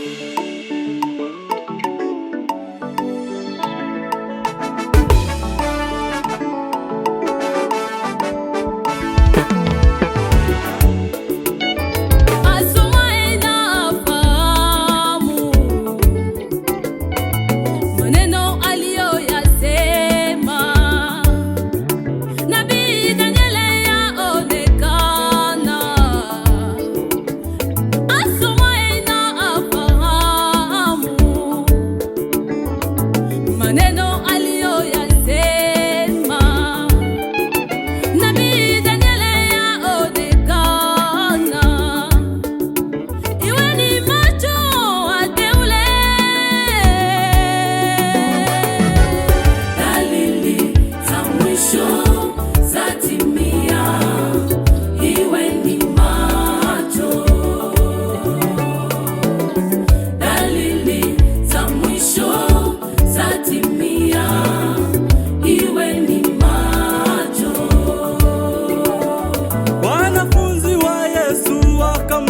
Bye. walk on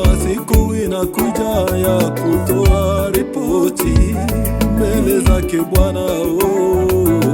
inakuja ya kutoa ripoti mbele zake Bwana oh.